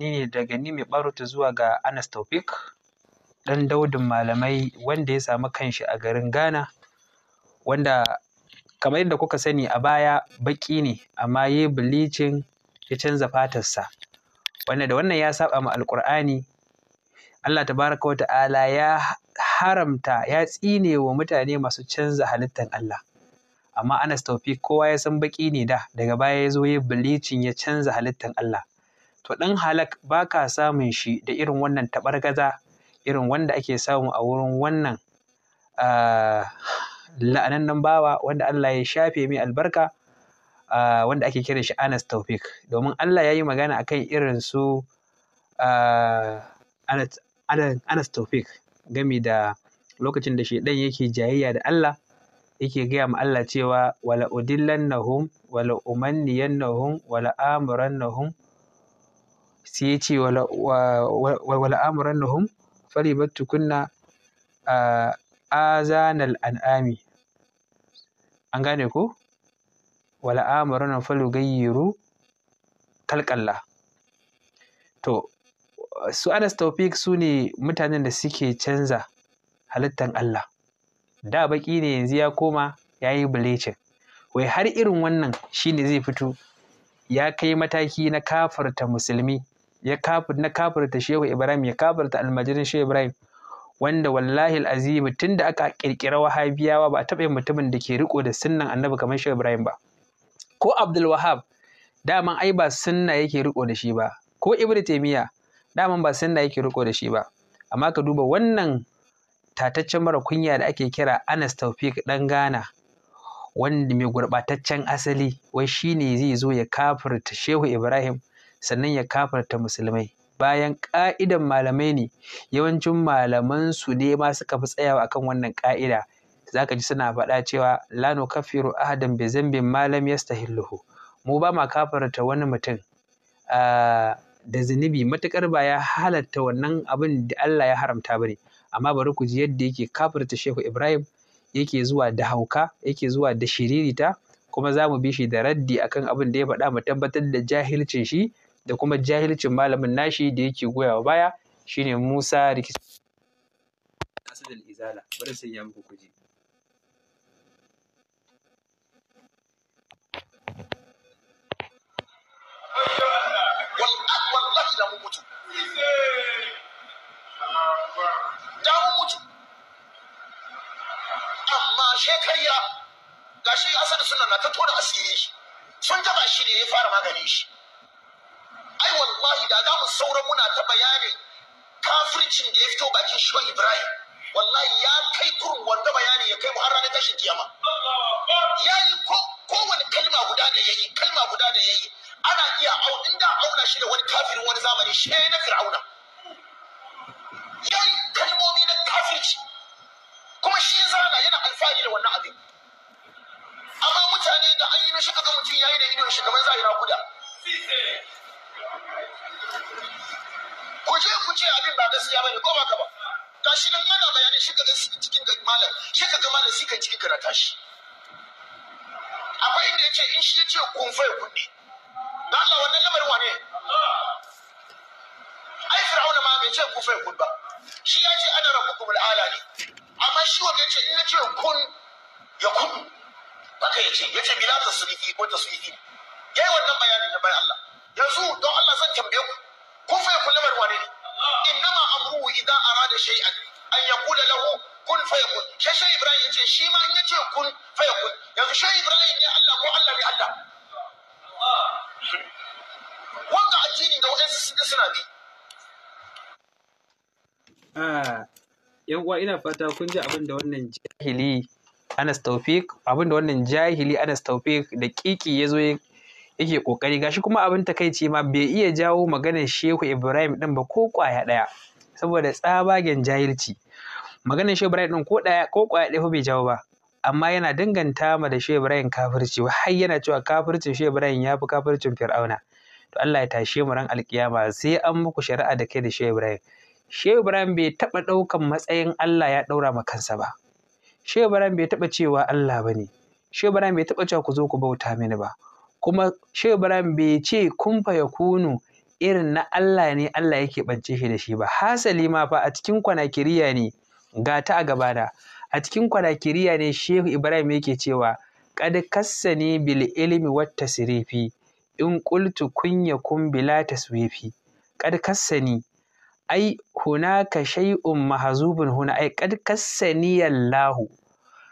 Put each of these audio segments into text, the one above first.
ni ne daga mai Ɓarutu zuwa ga Anas Taufik, ɗan daudin malamai wanda ya samu kanshi a garin Ghana, wanda kamar yadda kuka sani a baya baƙi ne, amma ya yi bilicin ya canza fatarsa. Wanda da wannan ya saba ma Alƙur'ani, Allah tabaraka wa ta'ala ya haramta ya tsine wa mutane masu canza halittar Allah. Amma Anas Taufik kowa ya san baƙi ne da daga baya ya zo ya bilicin ya canza halittar Allah. to ɗan halak ba ka samun shi da irin wannan taɓargaza irin wanda ake samu a wurin wannan ah, la'anannen bawa wanda Allah ya shafe mai albarka ah, wanda ake kira shi Anas Taufik domin Allah ya yi magana a kan irin su ah, Anas Taufik gami da lokacin da shaiɗan yake jayayya da Allah yake gaya ma Allah cewa wala udillannahum wala umanniyannahum wala amurannahum sai ya ce wal'amuran nahum faribattu kunna azanal an'ami an gane ko wal'amuran nahum falugayyiru kalkalla to su anas taufik su ne mutanen da suke canza halittar Allah da baki ne yanzu ya koma ya yi bilicin wai har irin wannan shi ne zai fito ya kai mataki na kafarta musulmi ya kafir na ta shehu ibrahim ya ta almajirin shehu ibrahim wanda wallahi al'azim tun da aka kirkira wahabiyawa ba taɓa yin mutumin da ke riko da sunnan annabi kamar shehu ibrahim ba ko abdul wahab daman ai ba sunna yake riko da shi ba ko ibnu taymiya daman ba sunna yake riko da shi ba amma ka duba wannan tataccen mara kunya da ake kira anas tawfiq dan ghana wanda mai gurɓataccen asali wai shine zai zo ya kafirta shehu ibrahim sannan ya kafarta musulmai bayan ƙa'idan malamai ne yawancin malamansu ne ma suka fi tsayawa akan wannan ƙa'ida zaka ji suna faɗa cewa la nukaffiru ahadan bi zambin ma lam yastahilluhu mu ba ma kafarta wani mutum ah, da zunubi matukar ba ya halatta wannan abin da Allah ya haramta bane amma bari ku ji yadda yake kafarta Shehu Ibrahim yake zuwa da hauka yake zuwa da shiririta kuma za mu bi shi da raddi akan abin da ya faɗa mu tabbatar da jahilcin shi da kuma jahilcin malamin nashi da yake wa baya shine Musa rikici asadul izala bari sai ya muku kuji shekarya gashi asali suna na ta tona asiri sun taba shi ne ya fara magani shi wallahi da za mu sauran muna ta bayanin kafircin da ya fito bakin shi Ibrahim wallahi ya kai kurun wanda bayani ya kai mu har ranar tashin kiyama ya yi kowane kalma guda da ya yi kalma guda da ya yi ana iya inda auna shi da wani kafirin wani zamani shi na fir'auna ya yi kalmomi na kafirci kuma shi zana yana alfahari da wannan abin amma mutane da an yi mishi kaga mutum ya yi da idon shi kamar zahira kuda ku je ku ce abin ba gaskiya bane ko ba ka ba gashi nan ana bayanin shi kaga cikin ga malam shi ka ga malam shi kan cikin karata shi akwai inda yace in shi ce kun fai kuɗi dan Allah wannan lamarin wane ai fir'auna ma bai ce kun fai kuɗi ba shi ya ce ana rabbukum al'ala ne amma shi wanda yace in yace kun ya kun baka yace yace bila tasrifi ko tasrifi yayi wannan bayanin na bai Allah yanzu don Allah zan tambaye ku kun fa yakun lamar wani ne innama amruhu idza arada shay'an an yaqula lahu kun fa yakun shi shi ibrahim yace shi ma in yace kun fa yakun yanzu shi ibrahim ne Allah ko Allah ne Allah wanda addini da wadansu suna bi yan uwa ina fata kun ji abin da wannan jahili Anas Taufik abin da wannan jahili Anas Taufik da kiki ya zo yake kokari gashi kuma abin takaici ma bai iya jawo maganar Shehu Ibrahim din ba ko kwaya daya saboda tsabagen jahilci maganar Shehu Ibrahim din ko daya ko kwaya daya fa bai jawo ba amma yana danganta ma da Shehu Ibrahim kafirci har yana cewa kafircin Shehu Ibrahim yafi kafircin Fir'auna to Allah ya tashe mu ran alkiyama sai an muku shari'a da kai da Shehu Ibrahim Shehu Ibrahim bai taba ɗaukan matsayin Allah ya ɗaura ma kansa ba. Shehu Ibrahim bai taɓa cewa Allah bane. Shehu Ibrahim bai taɓa cewa ku zo ku bauta mini ba. kuma Shehu Ibrahim bai ce kun fa yakunu irin na Allah ne Allah yake bance shi da shi ba hasali ma fa a cikin kwanakiriya ne ga ta a gabana a cikin kwanakiriya ne Shehu Ibrahim yake cewa qad kassani bil ilmi wat tasrifi in qultu kun yakun bila taswifi qad kassani ai hunaka shay'un mahzubun huna ai qad kassani Allahu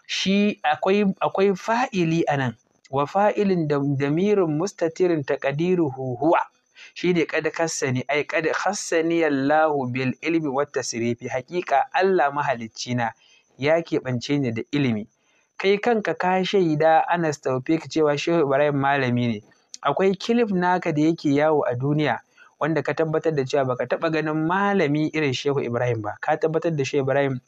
shi akwai akwai fa'ili anan wa fa'ilin da damirin mustatirin taqdiruhu huwa shine kad kassani ai kad khassani Allahu bil ilmi wat tasrifi haqiqa Allah mahalicci na ya keɓance ni da ilimi kai kanka ka shaida Anas Tawfik cewa Shehu Ibrahim malami ne akwai kilif naka da yake yawo a duniya wanda ka tabbatar da cewa baka taɓa ganin malami irin Shehu Ibrahim ba ka tabbatar da Shehu Ibrahim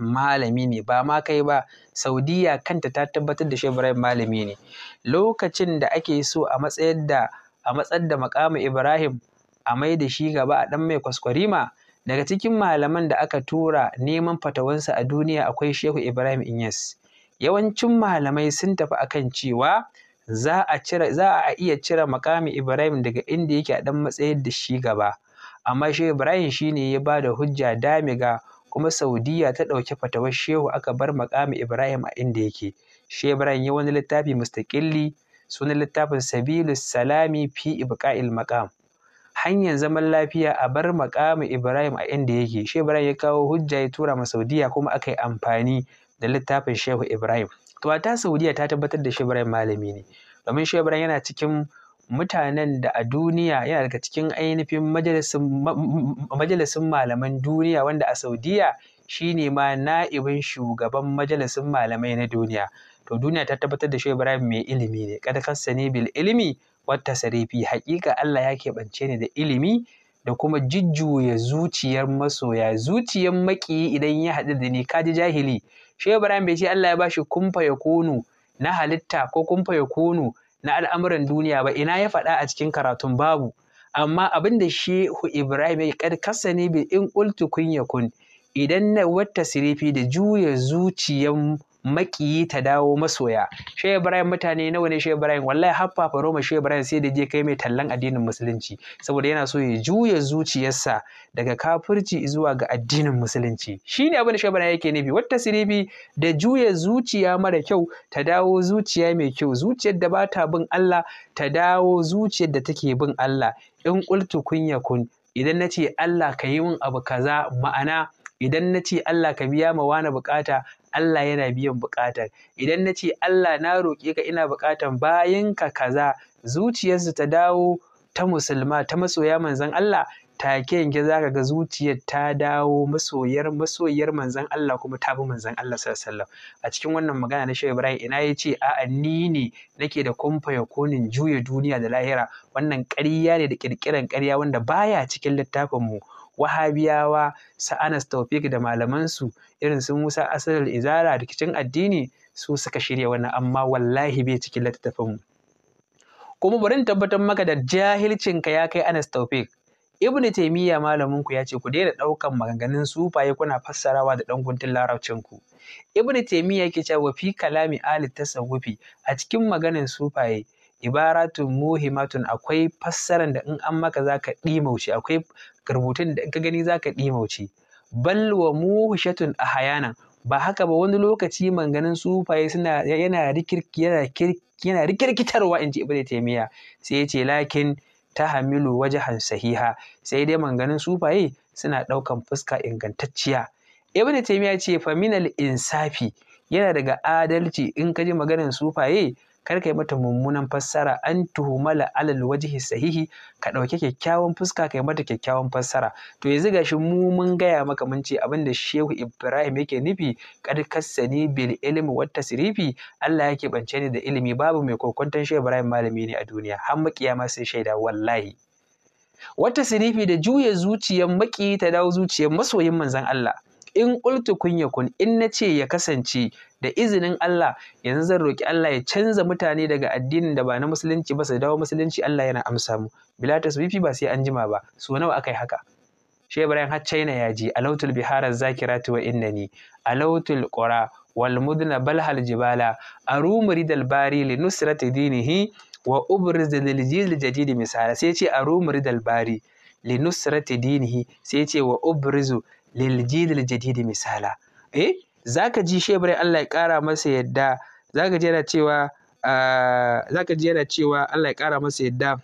malami ne ba ma kai ba Saudiyya kanta ta tabbatar da shehu ibrahim malami ne lokacin da ake so a matsayar da a matsar da makamu ibrahim a mai da shi gaba a dan mai kwaskwarima daga cikin malaman da aka tura neman fatawansa a duniya akwai shehu ibrahim inyas yawancin malamai sun tafi akan cewa za a cire za a iya cire makami ibrahim daga inda yake a dan matsayar da shi gaba amma shehu ibrahim shine ya ba da hujja damiga kuma Saudiyya ta ɗauki fatawar Shehu aka bar makamu Ibrahim a inda yake. Shehu Ibrahim ya wani littafi mustaƙilli sunan littafin Sabilu Salami fi Ibqa'il Maqam. Hanyar zaman lafiya a bar makamu Ibrahim a inda yake. Shehu Ibrahim ya kawo hujja ya tura ma Saudiya kuma aka yi amfani da littafin Shehu Ibrahim. To ta Saudiya ta tabbatar da Shehu Ibrahim malami ne. Domin Shehu Ibrahim yana cikin mutanen da a duniya yana daga cikin ainihin majalisun malaman duniya wanda a saudiya shine ma na'ibin shugaban majalisun malamai na duniya to duniya ta tabbatar da shi ibrahim mai ilimi ne kada kassani bil ilimi wata sarifi haƙiƙa allah ya keɓance ni da ilimi da kuma jujjuya zuciyar masoya zuciyar maƙiyi idan ya haɗu da ni ka ji jahili shi ibrahim bai ce allah ya bashi kumfa ya kunu na halitta ko kumfa ya kunu na al'amuran duniya ba ina ya faɗa a cikin karatun babu amma abin da shehu ibrahim ya karkasa ne bi in ultu kun idan na wata sirifi da juya zuciyan maƙiyi ta dawo masoya shehu ibrahim mutane nawa ne shehu ibrahim wallahi har shehu ibrahim sai da je kai mai tallan addinin musulunci saboda yana so ya juya zuciyarsa daga kafirci zuwa ga addinin musulunci shine abin da shehu ibrahim yake nufi wata siribi da juya zuciya mara kyau ta dawo zuciya mai kyau zuciyar da ba ta bin Allah ta dawo zuciyar da take bin Allah in kunya kun idan idan ce Allah ka yi min abu kaza ma'ana idan na ce Allah ka biya ma wani bukata Allah yana biyan bukatar idan na ce Allah na roƙe ka ina bayan ka kaza zuciyarsu ta dawo ta musulma ta masoya manzon Allah take yanke zaka ga zuciyar ta dawo masoyar masoyar manzon Allah kuma ta bi manzon Allah sallallahu a cikin wannan magana na Shehu Ibrahim ina yace a'a ni ne nake da kumfaya konin juya duniya da lahira wannan ƙarya ne da kirkiran ƙarya wanda baya cikin littafin mu wahabiyawa su anas taufik da malamansu irin su musa asalar izara rikicin addini su suka shirya wannan amma wallahi bai cikin mu kuma bari tabbatar maka da jahilcinka ya kai anas taufik ibnu taimiyya malaminku ya ce ku daina ɗaukan maganganun sufaye kuna fassarawa da ɗan guntun ku ibnu taimiyya yake cewa fi kalami ali tasawufi a cikin maganin sufaye ibaratun muhimatun akwai fassaran da in an maka zaka ɗimauce akwai rubutun da in ka gani zaka ɗimauce bal wa muhishatun Hayana. ba haka ba wani lokaci manganin sufaye suna yana yana rikirkitarwa in ji ibn taymiya sai ya ce lakin tahamilu wajahan sahiha sai dai manganin sufaye suna ɗaukan fuska ingantacciya ibnu taymiya ce fa insafi yana daga adalci in ka ji maganar sufaye kar ka yi mata mummunan fassara an tuhumala alal wajhi sahihi ka ɗauki kyakkyawan fuska ka yi mata kyakkyawan fassara to yanzu gashi mu mun gaya maka mun ce abin da shehu ibrahim yake nufi kad kassani bil ilmi wat tasrifi Allah yake bance ni da ilimi babu mai kokonton shehu ibrahim malami ne a duniya har makiyama sai shaida wallahi wata sirifi da juya zuciyar maki ta dawo zuciyar masoyin manzon Allah in qultu kun kun in ce ya kasance da izinin Allah yanzu zan roƙi Allah ya canza mutane daga addinin da ba na musulunci ba su dawo musulunci Allah yana amsa mu bila tasbifi ba sai an jima ba so nawa akai haka shi Ibrahim har China ya je, alautul bihara zakiratu wa ni, alautul qura wal balhal jibala arumuri dal bari li nusrati dinihi wa ubriz dal jil jadid misala sai ce arumuri dal bari li nusrati dinihi sai ce wa ubrizu liljidil jadidi misala eh zaka ji shebrai Allah ya kara masa yadda zaka ji yana cewa ah, zaka ji yana cewa Allah ya kara masa yadda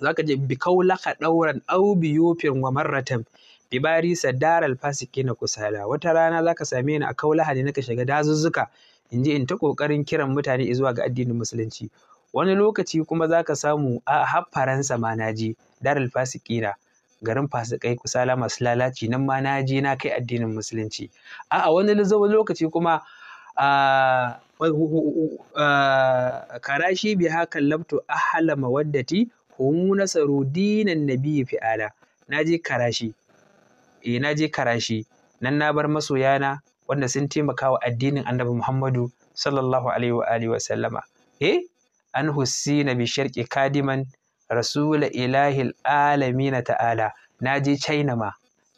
zaka ji bi kaulaka dauran aw bi yufin wa marratan bi bari sadar al fasikina kusala wata rana zaka same ni a kaulaha ne naka shiga dazuzzuka in ji in ta kokarin kiran mutane zuwa ga addinin musulunci wani lokaci kuma zaka samu a har faransa manaji naji fasikina garin fasikai kusala masu lalaci nan ma na je na kai addinin musulunci a'a wani lokaci kuma karashi bi haka labtu ahala mawaddati humu nasaru dinan nabiyyi fi'ala na je karashi eh na je karashi nan na bar masoyana wanda sun taimaka wa addinin annabi Muhammadu sallallahu alaihi wa alihi wa sallama eh an husina bi sharqi kadiman rasula ilahi alamina ta'ala na je china ma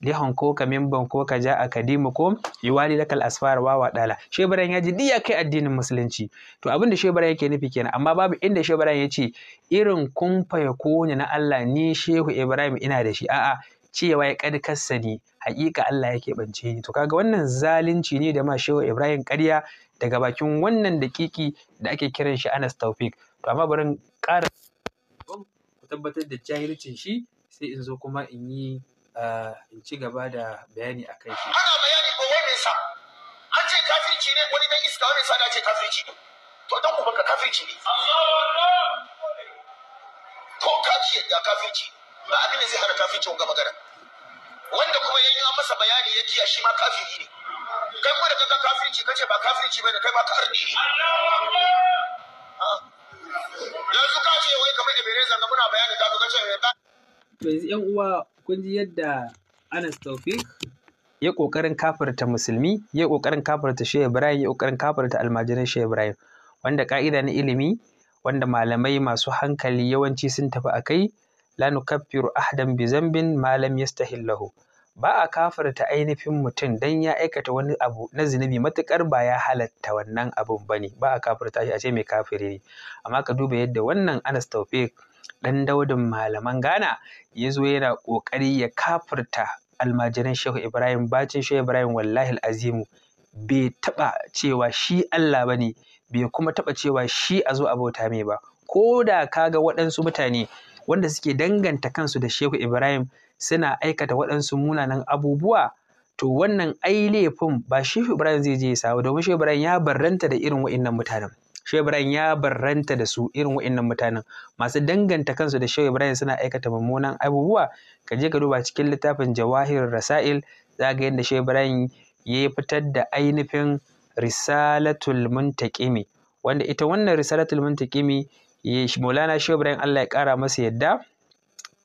Lihon ko ka ko ka ja akadimu ko yuwali lakal asfar wa dala shebaran ya diya kai addinin musulunci to abin da shebaran yake nufi kenan amma babu inda shebaran ya ce irin kumfa ya kone na Allah ni shehu Ibrahim ina da shi a'a cewa ya kad kassani haƙiƙa Allah yake bance ni to kaga wannan zalunci ne da ma shehu Ibrahim ƙarya daga bakin wannan daƙiƙi da ake kiran shi Anas Tawfik to amma bari ƙara tabbatar da jahilcin shi sai in zo kuma in yi ah, in ci gaba da bayani a kan shi. Ana bayani ko wai sa? An ce kafirci ne wani dan iska wani sa da ce kafirci ne. To dan ku baka kafirci ne. Ko ka ce ya kafirci ba abin da zai hana kafirci wanga magana. Wanda kuma ya yi masa bayani ya kiya shi ma kafiri ne. Kai kuma da kaga kafirci kace ba kafirci bane kai ba ka arni ne. yanzu ka ce wai kamar Ebenezer na muna bayani ta ce eh, to yanzu yan uwa kun ji yadda Anas Taufik ya kokarin kafarta musulmi ya kokarin kafarta Shehu Ibrahim ya kokarin kafarta almajiran Shehu Ibrahim wanda ka'ida na ilimi wanda malamai masu hankali yawanci sun tafi a kai la nukaffiru ahadan bi zambin malam yastahillahu ba a kafirta ainihin mutum don ya aikata wani abu na zunubi matuƙar ba ya halatta wannan abun ba ne ba a kafirta shi a ce mai kafiri ne amma ka duba yadda wannan anas taufik ɗan daudin malaman ghana ya zo yana ƙoƙari ya kafirta almajiran shehu ibrahim bacin shehu ibrahim wallahi azimu bai taɓa cewa shi allah ba ne bai kuma taɓa cewa shi a zo a bauta mai ba ko da ka ga waɗansu mutane wanda suke danganta kansu da shehu ibrahim suna aikata waɗansu munanan abubuwa to wannan ai laifin ba shi Ibrahim zai je ya samu domin shi Ibrahim ya barranta da irin waɗannan mutanen shi ya barranta da su irin waɗannan mutanen masu danganta kansu da shi suna aikata mummunan abubuwa ka je ka duba cikin littafin Jawahir Rasail za ga yadda shi Ibrahim ya fitar da ainihin Risalatul Muntaqimi wanda ita wannan Risalatul Muntaqimi Maulana Shehu Allah ya ƙara masa yadda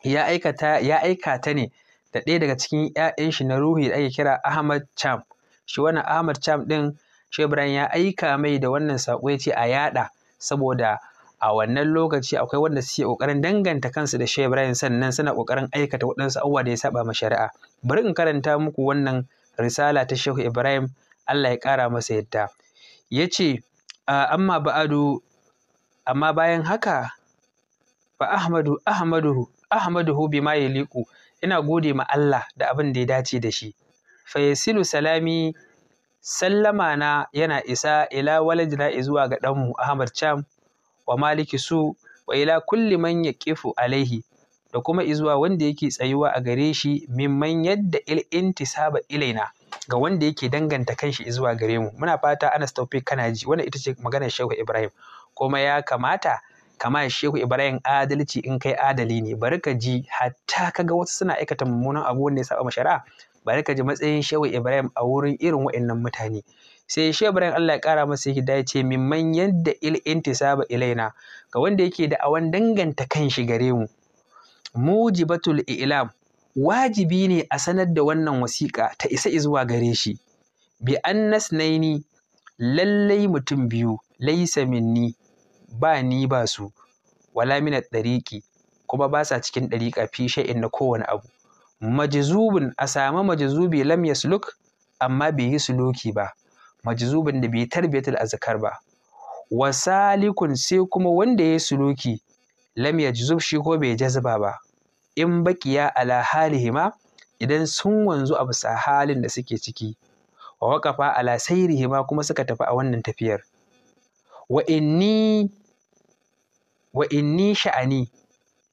ya aikata aika ta ne da ɗaya daga cikin ‘ya'yan shi na ruhi da ake kira Ahmad Cham shi wannan Ahmad Cham ɗin shi Ibrahim ya aika mai da wannan saƙo ya ce a yaɗa saboda a wannan lokaci akwai wanda suke ƙoƙarin danganta kansu da shi Ibrahim sannan suna ƙoƙarin aikata waɗansu abubuwa da ya saba ma shari'a bari in karanta muku wannan risala ta Shehu Ibrahim Allah ya ƙara masa yadda ya ce amma ba'adu amma bayan haka ba Ahmadu Ahmadu. ahmaduhu bima yaliqu ina gode ma Allah da abin da ya dace da shi fa yasilu salami sallama na yana isa ila waladina zuwa ga ɗanmu Ahmad Cham wa Maliki Su wa ila kulli man yaqifu alaihi da kuma izuwa wanda yake tsayuwa a gare shi mimman yadda intisaba ilaina ga wanda yake danganta kanshi zuwa gare mu muna fata Anas Tawfiq kana ji wannan ita ce maganar Shehu Ibrahim kuma ya kamata kama shehu ibrahim adalci in kai adali ne bari ka ji hatta kaga wasu suna aikata mummunan abu wanda ya saba ma shari'a bari ka ji matsayin shehu ibrahim a wurin irin wa'annan mutane sai shehu ibrahim Allah ya kara masa yake dace mimman yadda il saba ilaina ga wanda yake da awan danganta kanshi gare mu mujibatul ilam wajibi ne a sanar da wannan wasiƙa ta isa zuwa gare shi bi annas naini lallai mutum biyu laisa minni ba ni ba su wala mina ɗariƙi kuma ba sa cikin ɗariƙa fi sha'in na kowane abu majzubun a samu majzubi lam yasluk amma bai yi suluki ba Majazubin da bai tarbiyatul azkar ba wa salikun sai kuma wanda ya yi suluki lam yajzub shi ko bai jazba ba in baƙiya ala halihima idan sun wanzu a bisa halin da suke ciki wa waƙafa ala sairihima kuma suka tafi a wannan tafiyar Wa'inni sha'ani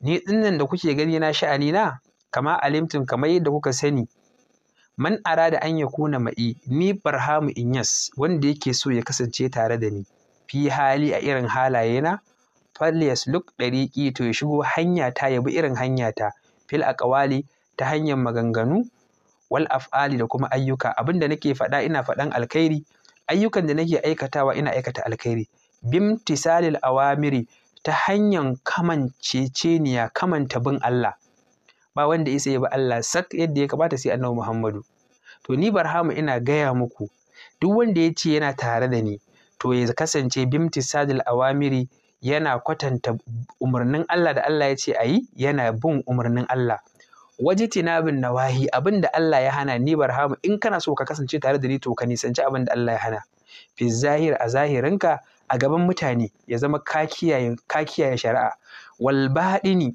ni dinnan da kuke gani na sha'ani na kama alimtum kamar yadda kuka sani man da an ya kuna ma'i ni barhamu inyas wanda yake so ya kasance tare da ni fi hali a irin halaye na falliyas luk ɗariƙi to ya shigo hanyata ya bi irin hanyata. Fil a ƙawali ta hanyar maganganu wal af'ali da kuma ayyuka abinda nake faɗa ina faɗan alkhairi ayyukan da nake aikatawa ina aikata alkhairi bimtisalil awamiri ta hanyar kamanceceniya kamanta bin Allah ba wanda isa ya ba Allah sak yadda ya kamata sai annabi Muhammadu to ni barhamu ina gaya muku duk wanda ya ce yana tare da ni to ya kasance bimtisalil awamiri yana kwatanta umarnin Allah da Allah ya ce a yi yana bin umarnin Allah waje tinabin nawahi abin da Allah ya hana ni barhamu in kana so ka kasance tare da ni to ka nisanci abin da Allah ya hana fi zahir a zahirinka a gaban mutane ya zama ka kiyaye shari'a wal baɗini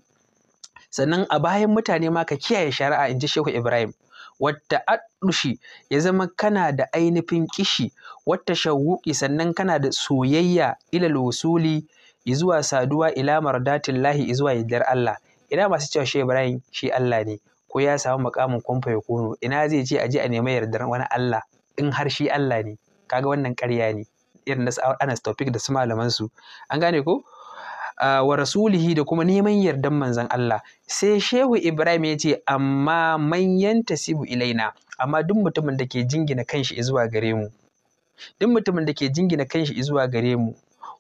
sannan a bayan mutane ma ka kiyaye shari'a in ji Shehu Ibrahim wata adushi ya zama kana da ainihin kishi wata shawuki sannan kana da soyayya ilal wusuli izuwa saduwa ila mardatin lahi izuwa yardar Allah ina masu cewa Shehu Ibrahim shi Allah ne ko ya samu makamin kwamfa ya kono ina zai je a a nemi yardar wani Allah in har shi Allah ne kaga wannan ƙarya ne irin na Anas Taufik da su malaman su an gane ko wa rasulihi da kuma neman yardan manzon Allah sai Shehu Ibrahim ya ce amma manyan tasibu ilaina amma duk mutumin da ke jingina kanshi zuwa gare mu duk mutumin da ke jingina kanshi zuwa gare mu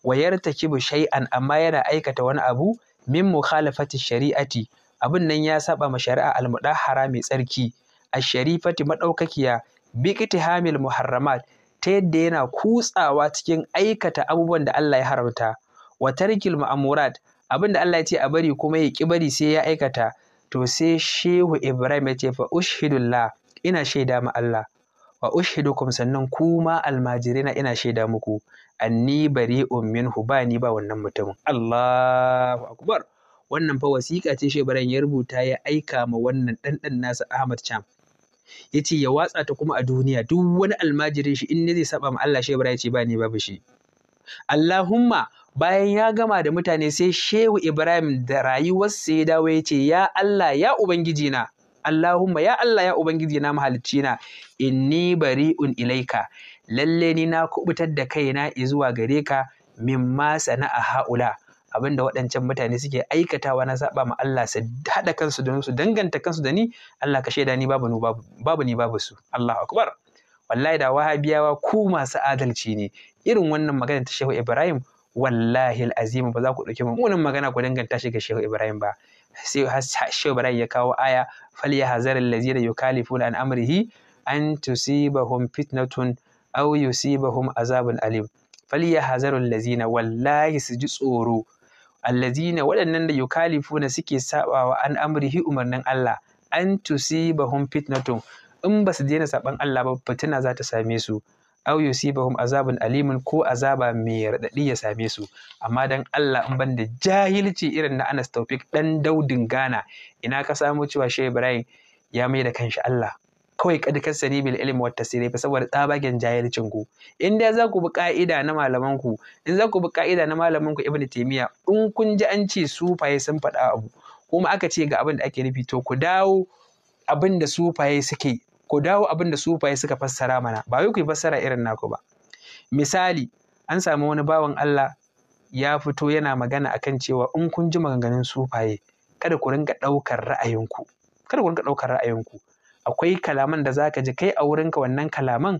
wa yartakibu shay'an amma yana aikata wani abu min mukhalafati shari'ati abun nan ya saba ma shari'a almudahara mai tsarki A sharifati madaukakiya bi hamil muharramat ta yadda yana kutsawa cikin aikata abubuwan da Allah ya haramta wa tarkil ma'amurat abin da Allah ya ce a bari kuma ya ki bari sai ya aikata to sai shehu Ibrahim ya ce fa ushidullah ina shaida ma Allah wa ushidukum sannan kuma almajirina ina shaida muku anni bari'un minhu ba ni ba wannan mutumin Allahu akbar wannan fa wasiƙa ce Shehu Ibrahim ya rubuta ya aika ma wannan ɗanɗan nasa Ahmad Cham ya ce ya watsa ta kuma a duniya duk wani almajirin shi in ne zai saba ma Allah shi ya ce ba ni babu shi Allahumma bayan ya gama da mutane sai Shehu Ibrahim da rayuwarsa ya dawo ya ce ya Allah ya ubangiji na Allahumma ya Allah ya ubangiji na mahalicci na inni bari'un ilaika lalle ni na kubutar da kaina zuwa gare ka mimma sana'a haula abin da waɗancan mutane suke aikatawa na saɓa ma Allah su haɗa kansu da su danganta kansu da ni Allah ka shaida ni babu ni babu babu ni babu su Allahu akbar wallahi da wahabiyawa ku masu adalci ne irin wannan magana ta Shehu Ibrahim wallahi al'azim ba za ku ɗauki mummunan magana ku danganta shi ga Shehu Ibrahim ba sai Shehu Ibrahim ya kawo aya fal yahzaril allazina yukalifuna an amrihi an tusibahum fitnatun aw yusibahum azabun alim falyahzarul lazina wallahi su ji tsoro allazina waɗannan da na suke sabawa an amrihi umarnin Allah an tusibahum fitnatun in ba su daina saban Allah ba fitina za ta same su aw yusibahum azabun alimun ko azaba mai raɗaɗi ya same su amma dan Allah in ban da jahilci irin na Anas Taufik dan Daudin Gana ina ka samu cewa Shehu Ibrahim ya mai da kanshi Allah kawai kada ka sani bil ilmi wat tasiri fa saboda tsabagen jahilcin ku in dai za ku bi ka'ida na malaman ku in za ku bi ka'ida na malaman ku ibnu taymiya in kun ji an ce sufaye sun faɗa abu kuma aka ce ga abin da ake nufi to ku dawo abin da sufaye suke ku dawo abin da sufaye suka fassara mana ba wai ku fassara irin naku ba misali an samu wani bawan Allah ya fito yana magana akan cewa in kun ji maganganun sufaye kada ku ringa ɗaukar ra'ayinku kada ku ringa ɗaukar ra'ayinku akwai kalaman da zaka ji kai a wurinka wannan kalaman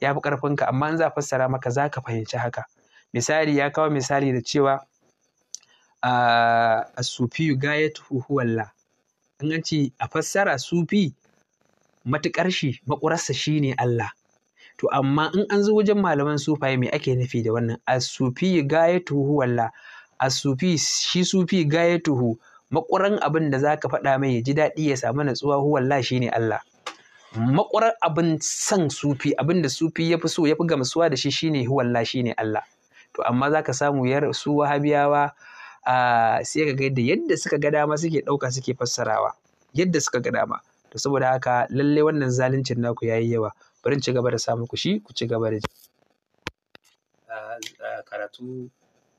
ya fi ƙarfinka amma in za a fassara maka za ka fahimci haka misali ya kawo misali da cewa a sufiyu gayatuhu huwallah in an ce a fassara sufi matuƙar shi maƙurarsa ne Allah to amma in an zo wajen malaman sufaye me ake nufi da wannan A sufi gayatuhu huwallah as-sufi shi sufi gayatuhu maƙuran abin da za ka faɗa mai ya ji daɗi ya samu natsuwa huwallah shi ne Allah maƙurar abin son sufi abin da sufi ya fi so ya fi gamsuwa da shi shi ne huwallah shi ne Allah to amma za ka samu ya su wahabiyawa sai ka ga yadda suka ga dama suke ɗauka suke fassarawa yadda suka ga dama to saboda haka lallai wannan zaluncin naku ya yi yawa bari ci gaba da sa muku shi ku ci gaba da karatu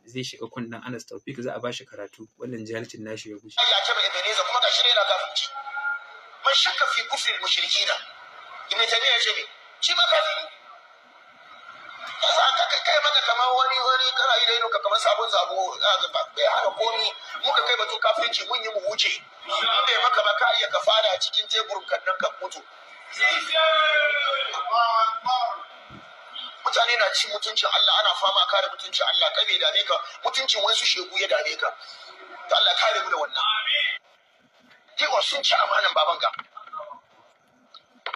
zai shiga kunnen Anas Taufik za a bashi karatu wannan jahilcin nashi ya gushe Allah ta Ibrahim kuma ga ne na kafirci man shakka fi kufri mushrikina. ibn tabi'a ya ce me shi ma kafiri kasa Ka kai kai maka kamar wani wani kana yi da ido kamar sabon zabo bai hada komi muka kai batun kafinci mun yi mu wuce in bai maka ba ka iya ka fada cikin teburin kan nan ka mutu mutane na ci mutuncin Allah ana fama kare mutuncin Allah kai bai dame ka mutuncin su shegu ya dame ka to Allah kare mu da wannan yawa sun ci amanan baban ka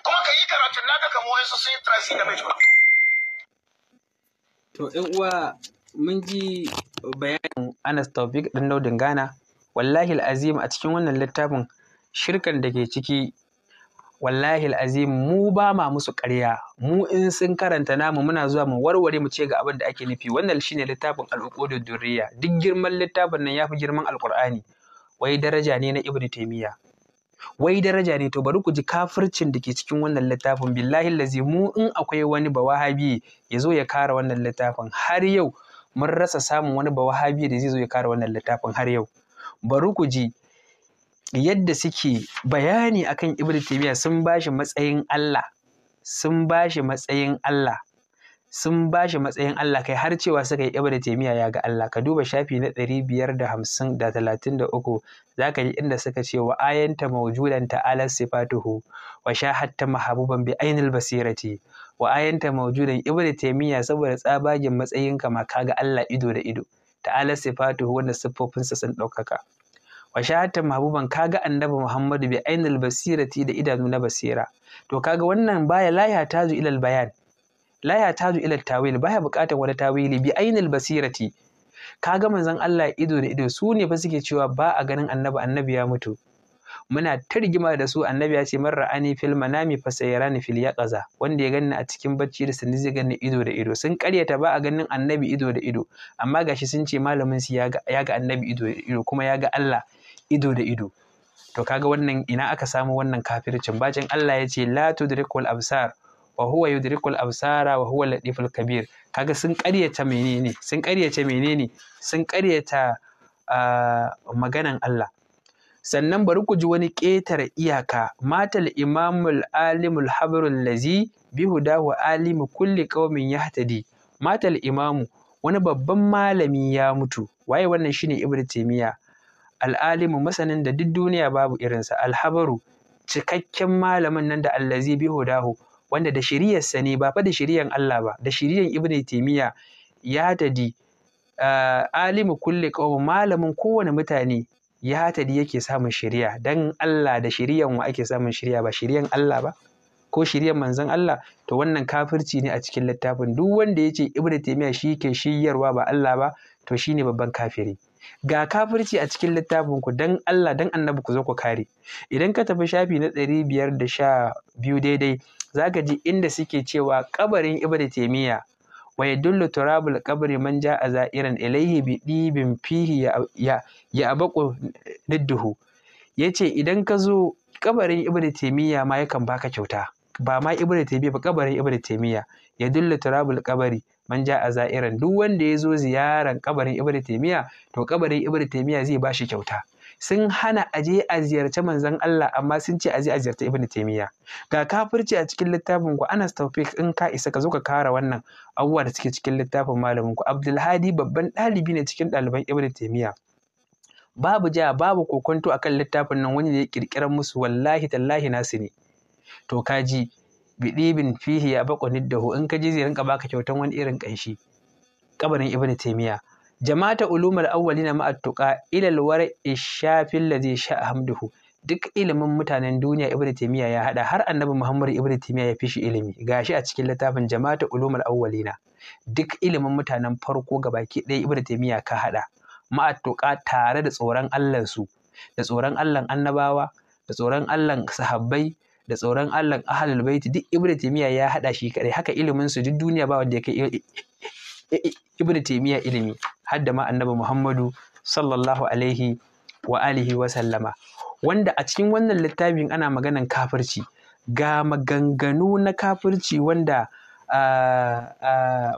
kuma ka yi karatun naka kamar wasu sun yi tracing da mai to ɗan uwa mun ji bayanin Anas Taufik ɗan daudin Ghana wallahi al'azim a cikin wannan littafin shirkan da ke ciki wallahi azim mu ba ma musu ƙarya mu in sun karanta namu muna zuwa mu warware mu ce ga abin da ake nufi wannan shine littafin al'uqudud durriya duk girman littafin nan yafi girman alqur'ani wai daraja ne na ibnu taymiya wai daraja ne to bari ku ji kafircin da ke cikin wannan littafin billahi lazi mu in akwai wani bawahabi ya zo ya kara wannan littafin har yau mun rasa samun wani wahabi da zai zo ya kara wannan littafin har yau bari ku ji yadda suke bayani akan Ibn Taymiyyah sun bashi matsayin Allah sun bashi matsayin Allah sun bashi matsayin Allah kai har cewa suka yi Ibn Taymiyyah ya ga Allah ka duba shafi na ɗari biyar da hamsin da talatin da uku zaka ji inda suka ce wa ayanta mawjudan ta'ala sifatuhu wa shahatta mahabuban bi ainil basirati wa ayanta mawjudan Ibn Taymiyyah saboda tsabagen matsayin kama ga Allah ido da ido ta'ala sifatuhu wanda siffofinsa sun ɗaukaka wa shahatan mahbuban kaga annabi muhammadu bi ainul basirati da idanu na basira to kaga wannan baya la ya tazu ilal bayan la ya tazu ilal tawil baya buƙatar wani tawili bi ainul basirati kaga manzon Allah ido da ido su ne fa suke cewa ba a ganin annabi annabi ya mutu muna ta da su annabi ya ce man ra'ani fil manami fa sayarani fil yaqaza wanda ya ganni a cikin bacci da sanin zai ganni ido da ido sun karyata ba a ganin annabi ido da ido amma gashi sun ce malamin su ya ga annabi ido da ido kuma ya ga Allah ido da ido to kaga wannan ina aka samu wannan kafircin bacin Allah ya ce la tudrikul absar wa huwa yudrikul absara wa huwa latiful kabir kaga sun karyata menene sun karyata menene sun ah, maganan Allah sannan bari ku ji wani ƙetare iyaka matal imamul alimul habrul lazi bihudahu alimu kulli qaumin yahtadi matal imamu wani babban malami ya mutu waye wannan shine ibnu taymiya al'alimu masanin da duk duniya babu irinsa alhabaru cikakken malamin nan da allazi hudahu wanda da shiriyarsa ne ba fa da shiriyar Allah ba da shiriyar ibnu taymiya ya tadi ah, alimu kulli qaumin malamin kowane mutane ya hatari yake samun shiriya dan Allah da shari'an wa ake samun shiriya ba shari'an Allah ba ko shari'an manzon Allah to wannan kafirci ne a cikin littafin duk wanda yace Ibn Taymiyyah shi ke shiryarwa ba Allah ba to shine babban kafiri ga kafirci a cikin littafin ku dan Allah dan Annabi ku zo ku kare idan ka tafi shafi na biyar da 512 daidai zaka ji inda suke cewa kabarin Ibn Taymiyyah wa yadullu turabul qabri man a za'iran ilayhi bi dibin fihi ya ya abaqu nidduhu yace idan ka zo ƙabarin ibnu taymiya ma yakan baka kyauta ba ma ibnu taymiya ba kabarin ibnu Ya yadullu turabul qabri man a za'iran duk wanda ya zo ziyaran kabarin ibnu taymiya to ƙabarin ibnu taymiya zai shi kyauta sun hana a je a ziyarci manzon Allah amma sun ce a je a ziyarci Ibn Taymiyyah ga kafirci a cikin littafin ku Anas Tawfiq in ka isa ka zo ka kara wannan abubuwa da suke cikin littafin malamin ku Abdulhadi babban ɗalibi ne cikin ɗaliban Ibn Taymiyyah babu ja babu kokonto akan littafin nan wani da ya kirkirar musu wallahi tallahi nasu ne to kaji bidibin fihi ya bako dahu, in ka je zai ka baka kyautan wani irin kanshi kabarin Ibn taymiya jama'ata Ulumar awwalina na tuqa ila alwara'i shafil ladhi hamduhu duk ilimin mutanen duniya ibnu taymiya ya hada har annabi muhammad ibnu taymiya ya fishi ilimi gashi a cikin littafin jama'atu ulumul awwalina duk ilimin mutanen farko gabaki ɗaya ibnu taymiya ka hada Ma'atuƙa tare da tsoron Allah su da tsoron Allah annabawa da tsoron Allah sahabbai da tsoron Allah ahlul bait duk ibnu taymiya ya hada shi kadai haka ilimin su duk duniya ba wanda ya kai ibn taimiya ilimi har da ma annabi muhammadu sallallahu alaihi wa alihi wa sallama wanda a cikin wannan littafin ana maganan kafirci ga maganganu na kafirci wanda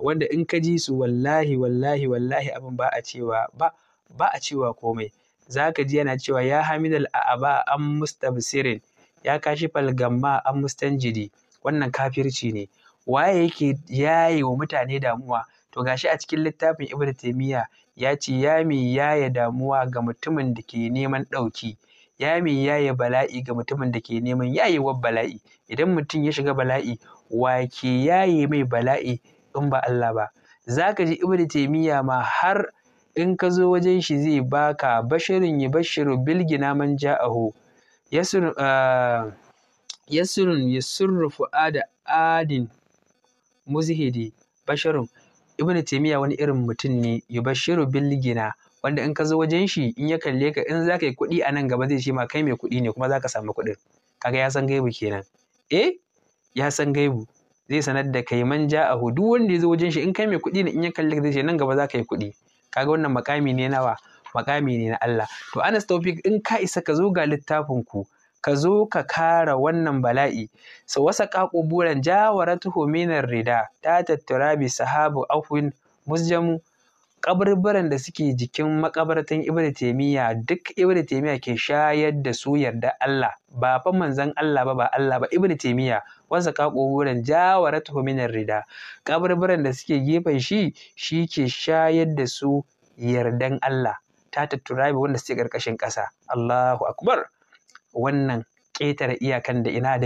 wanda in ka ji su wallahi wallahi wallahi abin ba a cewa ba ba a cewa komai za ka ji yana cewa ya hamidal a Aba an mustabsirin ya kashi falgamma an mustanjidi wannan kafirci ne waye yake yaye wa mutane damuwa to gashi a cikin littafin ibn Taymiyya ya ce ya mi yaye damuwa ga mutumin da ke neman ɗauki ya mi yaye bala'i ga mutumin da ke neman yayewar bala'i idan mutum ya shiga bala'i wa ke yaye mai bala'i in ba Allah ba zaka ji ibn Taymiyya ma har in ka zo wajen shi zai baka bashirin ya bashiru bilgina man ja'ahu yasir uh, ah, yasurru fu'ada adin muzhidi basharun ibnu taymiya wani irin mutum ne yubashiru bil gina wanda in ka zo wajen shi in ya kalle ka in za ka yi kuɗi a nan gaba zai ce ma kai mai kuɗi ne kuma za ka samu kuɗin kaga ya san gaibu kenan eh ya san gaibu zai sanar da kai man a duk wanda ya zo wajen shi in kai mai kuɗi ne in ya kalle ka zai ce nan gaba za ka yi kuɗi kaga wannan makami ne nawa makami ne na Allah to Anas in ka isa ka zo ga littafin ku ka zo ka kara wannan bala'i sa wasa ƙaƙuburan jawaratuhu minar rida ta tattara bi sahabu afwin musjamu kaburburan da suke jikin makabartan ibn taimiyya duk ibn taimiyya ke shayar da su yarda Allah ba fa manzon Allah ba ba Allah ba ibn taimiyya wasa ƙaƙuburan jawaratuhu minar rida kaburburan da suke gefen shi shi ke shayar da su yardan Allah ta tatturabi wanda suke ƙarƙashin ƙasa Allahu akbar wannan ƙetare iyakan da ina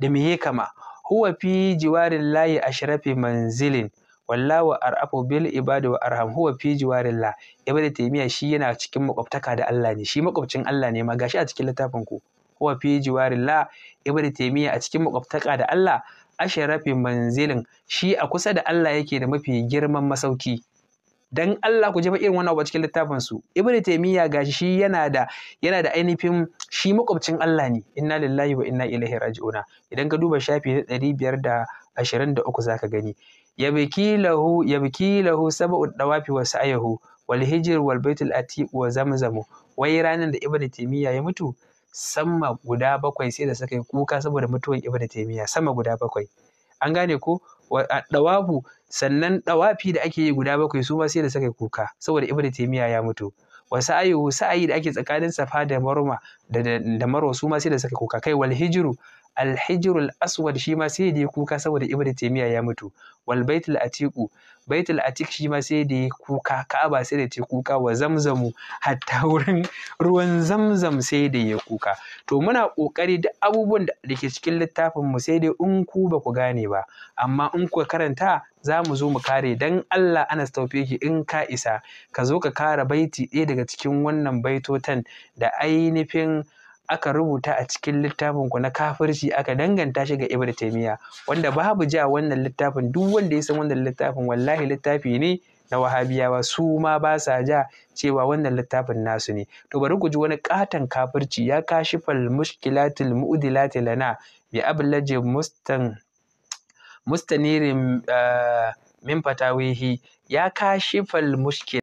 da me kama huwa fi jiwarin layi ashrafi manzilin wallahu arafu bil ibadi wa arham huwa fi jiwarillah ibnu taymiya shi yana cikin makwabtaka da Allah ne shi makwabcin Allah ne ma gashi a cikin littafin ku huwa fi jiwarillah ibnu taymiya a cikin makwabtaka da Allah ashrafi manzilin shi a kusa da Allah yake da mafi girman masauki dan Allah ku jefa irin wannan abu cikin littafin su ibnu taymiya gashi shi yana da yana da ainihin shi makwabcin Allah ne inna lillahi wa inna ilaihi raji'una idan ka duba shafi na 523 zaka gani yabki lahu yabki lahu sab'u dawafi wa sa'yahu wal hijr wal baitul atiq wa zamzamu wai ranan da ibnu taymiya ya mutu sama guda bakwai sai da suka yi kuka saboda mutuwar ibnu taymiya sama guda bakwai an gane ko ɗawafu sannan ɗawafi da ake yi guda bakwai su ma sai da suka kuka saboda ibnu taymiya ya mutu wa sa'ayu sa'ayi da ake tsakanin safa da marwa da marwa su ma sai da suka kuka kai wal hijru alhijrul aswad shi ma sai da ya kuka saboda ibnu taymiya ya mutu wal baitul atiqu baitul atiq shi ma sai da ya kuka ka'aba sai da kuka wa zamzamu hatta wurin ruwan zamzam sai da ya kuka to muna kokari duk abubuwan da ke cikin littafin mu sai dai in ku ba ku gane ba amma in ku karanta za mu zo mu kare dan Allah ana staufeki in ka isa ka zo ka kara baiti ɗaya daga cikin wannan baitotan da ainihin aka rubuta a cikin littafin ku na kafirci aka danganta shi ga Ibn Taymiyyah wanda babu ja wannan littafin duk wanda ya san wannan littafin wallahi littafi ne na wahabiyawa su ma ba sa ja cewa wannan littafin nasu ne to bari ku ji wani katon kafirci ya kashi fal mushkilatil mu'dilati lana bi ablaji mustan mustanirin eh, min fatawihi ya kashi fal mushkil